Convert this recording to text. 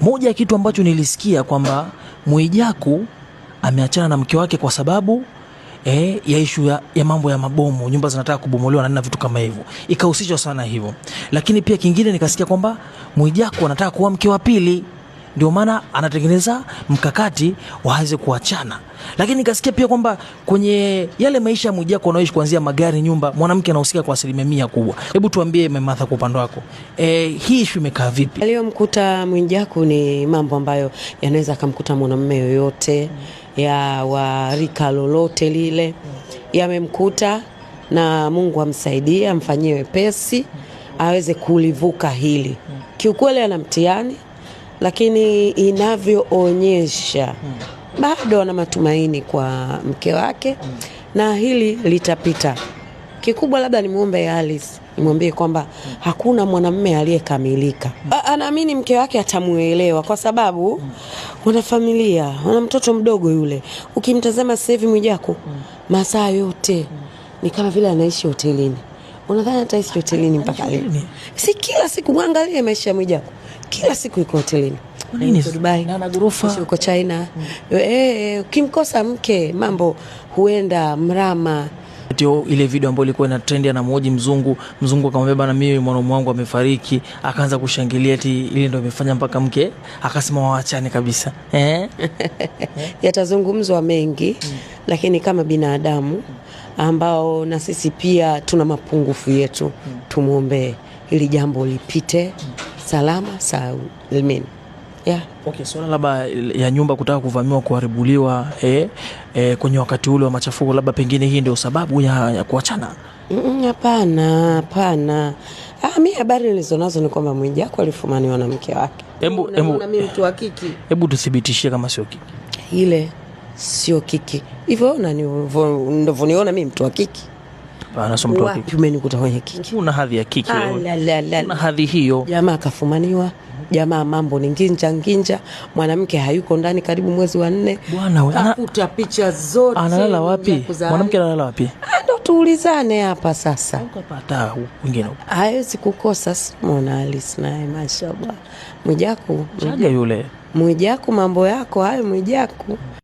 Moja ya kitu ambacho nilisikia kwamba Mwijaku ameachana na mke wake kwa sababu eh, ya ishu ya, ya mambo ya mabomu, nyumba zinataka kubomolewa na vitu kama hivyo, ikahusishwa sana hivyo. Lakini pia kingine nikasikia kwamba Mwijaku anataka kuwa mke wa pili ndio maana anatengeneza mkakati waweze kuachana. Lakini nikasikia pia kwamba kwenye yale maisha ya Mwijaku wanaoishi kuanzia magari, nyumba, mwanamke anahusika kwa asilimia mia kubwa. Hebu tuambie Mamatha, kwa upande wako e, hii ishu imekaa vipi? Aliyomkuta Mwijaku ni mambo ambayo yanaweza akamkuta mwanamume yoyote ya wa rika lolote lile, yamemkuta na Mungu amsaidie, amfanyie wepesi aweze kulivuka hili. Kiukweli ana mtihani lakini inavyoonyesha bado ana matumaini kwa mke wake na hili litapita. Kikubwa labda nimwombe Alice, nimwambie kwamba hakuna mwanamume aliyekamilika. Anaamini mke wake atamuelewa, kwa sababu wana familia, wana mtoto mdogo yule. Ukimtazama sasa hivi Mwijaku masaa yote ni kama vile anaishi hotelini. Unadhani ataishi hotelini mpaka lini? Si kila siku, mwangalie maisha ya Mwijaku kila siku iko hotelini Dubai, na yuko China mm. E, ukimkosa mke mambo huenda mrama. Ndio ile video ambayo ilikuwa ina trend na anamhoji mzungu, mzungu akamwambia na mimi mwanaume wangu amefariki, akaanza kushangilia ti ile ndio imefanya mpaka mke akasema waachane kabisa eh? Yatazungumzwa mengi mm. Lakini kama binadamu ambao na sisi pia tuna mapungufu yetu mm. Tumwombee ili jambo lipite mm salama salimini. Yeah. Okay, swala labda ya nyumba kutaka kuvamiwa kuharibuliwa eh, eh, kwenye wakati ule wa machafuko labda pengine hii ndio sababu ya, ya kuachana? Hapana, hapana. Ah, mi habari nilizonazo ni kwamba Mwijaku alifumaniwa na mke wake. Hebu mimi mtu wa kiki, hebu tuthibitishie kama sio kiki, ile sio kiki hivyo, ndivyo niona mimi mtu wa kiki. Umenikuta kwenye kiki, una hadhi ya kiki, ah, una hadhi hiyo. Jamaa akafumaniwa, jamaa mambo ni nginja nginja, mwanamke hayuko ndani karibu mwezi wa nne, kakuta picha zote. Analala wapi mwanamke? Analala wapi? Ah, ndo tuulizane hapa sasa, hawezi kukosa. Simona alis naye, mashallah, Mwijaku Mwijaku, mambo yako hayo Mwijaku.